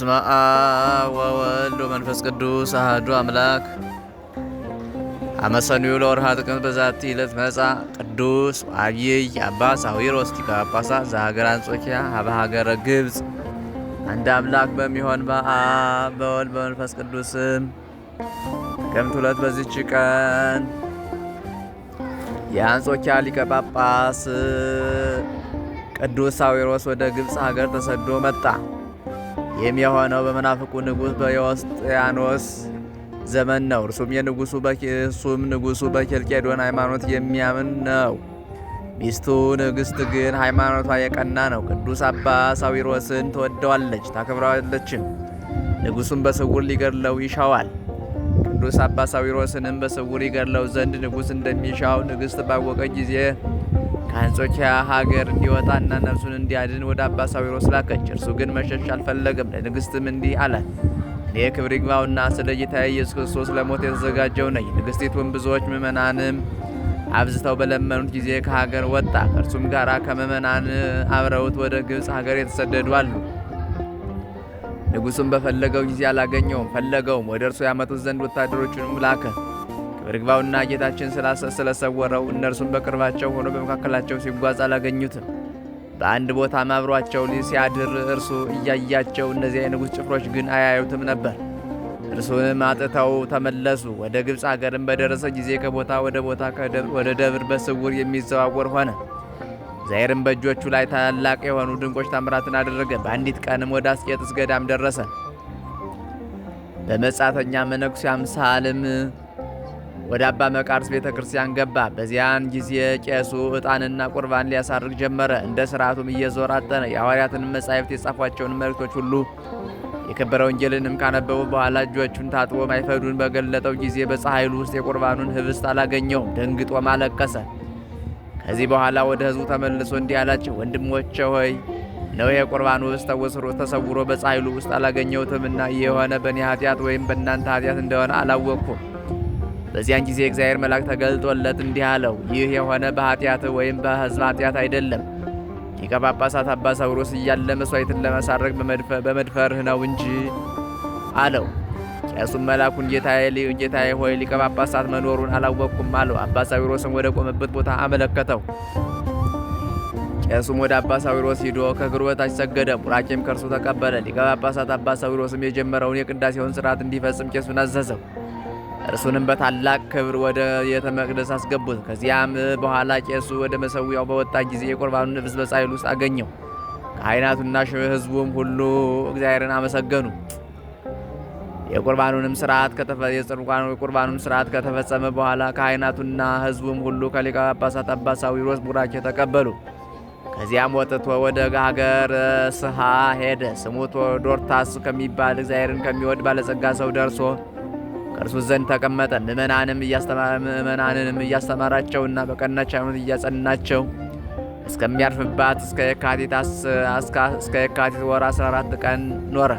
ስማ ወወልድ መንፈስ ቅዱስ አህዱ አምላክ አመሰኒዩ ለወርሃ ጥቅምት በዛቲ ዕለት መጻ ቅዱስ አብይ አባ ሳዊሮስ ሊቀ ጳጳሳት ዘሀገረ አንጾኪያ ሀበ ግብፅ። አንድ አምላክ በሚሆን በአብ በወልድ በመንፈስ ቅዱስም ጥቅምት ሁለት በዚች ቀን የአንጾኪያ ሊቀ ጳጳስ ቅዱስ ሳዊሮስ ወደ ግብፅ ሀገር ተሰዶ መጣ። ይህም የሆነው በመናፍቁ ንጉሥ በዮስጥያኖስ ዘመን ነው። እርሱም የንጉሱ በሱም ንጉሱ በኬልቄዶን ሃይማኖት የሚያምን ነው። ሚስቱ ንግሥት ግን ሃይማኖቷ የቀና ነው። ቅዱስ አባ ሳዊሮስን ትወደዋለች፣ ታከብረዋለችም። ንጉሱም በስውር ሊገድለው ይሻዋል። ቅዱስ አባ ሳዊሮስንም በስውር ይገድለው ዘንድ ንጉሥ እንደሚሻው ንግሥት ባወቀ ጊዜ ከአንጾኪያ ሀገር እንዲወጣና ነፍሱን እንዲያድን ወደ አባ ሳዊሮስ ላከች። እርሱ ግን መሸሽ አልፈለገም። ለንግሥትም እንዲህ አላት፣ እኔ ክብር ይግባውና ስለ ኢየሱስ ክርስቶስ ለሞት የተዘጋጀው ነኝ። ንግሥቲቱን ብዙዎች ምእመናንም አብዝተው በለመኑት ጊዜ ከሀገር ወጣ። ከእርሱም ጋር ከምእመናን አብረውት ወደ ግብፅ ሀገር የተሰደዱ አሉ። ንጉሡም በፈለገው ጊዜ አላገኘውም። ፈለገውም፣ ወደ እርሱ ያመጡት ዘንድ ወታደሮቹንም ላከ። በርግባውና ጌታችን ስለሰወረው እነርሱም በቅርባቸው ሆኖ በመካከላቸው ሲጓዝ አላገኙትም። በአንድ ቦታ አብሯቸው ሲያድር እርሱ እያያቸው፣ እነዚያ የንጉሥ ጭፍሮች ግን አያዩትም ነበር። እርሱንም አጥተው ተመለሱ። ወደ ግብፅ አገርም በደረሰ ጊዜ ከቦታ ወደ ቦታ ወደ ደብር በስውር የሚዘዋወር ሆነ። ዛይርም በእጆቹ ላይ ታላላቅ የሆኑ ድንቆች ታምራትን አደረገ። በአንዲት ቀንም ወደ አስቄጥስ ገዳም ደረሰ። በመጻተኛ መነኩሴ አምሳልም ወደ አባ መቃርስ ቤተ ክርስቲያን ገባ። በዚያን ጊዜ ቄሱ ዕጣንና ቁርባን ሊያሳርግ ጀመረ። እንደ ስርዓቱም እየዞረ አጠነ። የሐዋርያትን መጻሕፍት የጻፏቸውን መልእክቶች ሁሉ የከበረ ወንጌልንም ካነበቡ በኋላ እጆቹን ታጥቦ ማይፈዱን በገለጠው ጊዜ በፀሐይሉ ውስጥ የቁርባኑን ህብስት አላገኘውም። ደንግጦ ማለቀሰ። ከዚህ በኋላ ወደ ህዝቡ ተመልሶ እንዲህ አላቸው፣ ወንድሞቼ ሆይ ነው የቁርባኑ ውስጥ ተወስሮ ተሰውሮ በፀሐይሉ ውስጥ አላገኘውትምና የሆነ በእኔ ኃጢአት ወይም በእናንተ ኃጢአት እንደሆነ አላወቅኩም። በዚያን ጊዜ እግዚአብሔር መልአክ ተገልጦለት እንዲህ አለው፣ ይህ የሆነ በኃጢአት ወይም በሕዝብ ኃጢአት አይደለም። ሊቀ ጳጳሳት አባ ሳዊሮስ እያለ መሥዋዕትን ለመሳረግ በመድፈርህ ነው እንጂ አለው። ቄሱም መልአኩን ጌታዬ ሆይ ሊቀ ጳጳሳት መኖሩን አላወቅኩም አለው። አባ ሳዊሮስም ወደ ቆመበት ቦታ አመለከተው። ቄሱም ወደ አባ ሳዊሮስ ሂዶ ከእግሩ በታች ሰገደ፣ ቡራኬም ከእርሱ ተቀበለ። ሊቀ ጳጳሳት አባ ሳዊሮስም የጀመረውን የቅዳሴውን ሥርዓት እንዲፈጽም ቄሱን አዘዘው። እርሱንም በታላቅ ክብር ወደ ቤተ መቅደስ አስገቡት። ከዚያም በኋላ ቄሱ ወደ መሰዊያው በወጣ ጊዜ የቁርባኑ ፍስበ ኃይል ውስጥ አገኘው። ካህናቱና ሕዝቡም ሁሉ እግዚአብሔርን አመሰገኑ። የቁርባኑንም ስርዓት የቁርባኑን ስርዓት ከተፈጸመ በኋላ ካህናቱና ሕዝቡም ሁሉ ከሊቀ ጳጳሳት አባ ሳዊሮስ ቡራኬ ተቀበሉ። ከዚያም ወጥቶ ወደ ሀገር ስሃ ሄደ። ስሙ ዶርታስ ከሚባል እግዚአብሔርን ከሚወድ ባለጸጋ ሰው ደርሶ ከእርሱ ዘንድ ተቀመጠ። ምእመናንም ምእመናንንም እያስተማራቸውና በቀናች ሃይማኖት እያጸናቸው እስከሚያርፍባት እስከ የካቲት እስከ የካቲት ወር 14 ቀን ኖረ።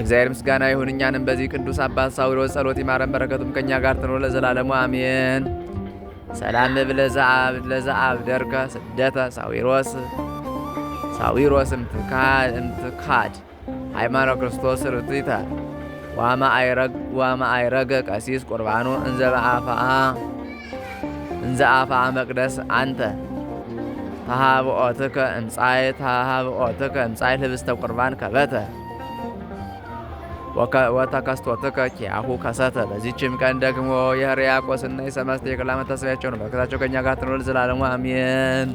እግዚአብሔር ምስጋና ይሁን። እኛንም በዚህ ቅዱስ አባት ሳዊሮስ ጸሎት ይማረን፣ በረከቱም ከእኛ ጋር ትኖር ለዘላለሙ አሜን። ሰላም ብለዘአብ ለዘአብ ደርከ ስደተ ሳዊሮስ ሳዊሮስ እምትካድ ሃይማኖት ክርስቶስ ርቱይታ ዋማአይረግ ቀሲስ ቁርባኑ እንዘ አፍአ መቅደስ አንተ ተሃብኦትከ እምጻይ ተሃብኦትከ እምጻይ ልብስተ ቁርባን ከበተ ወተከስቶትከ ኪያሁ ከሰተ። በዚህችም ቀን ደግሞ የሕርያቆስና የሰመስት የቅላ መታሰቢያቸው ነው። በረከታቸው ከእኛ ጋር ትኖር ዘላለሙ አሜን።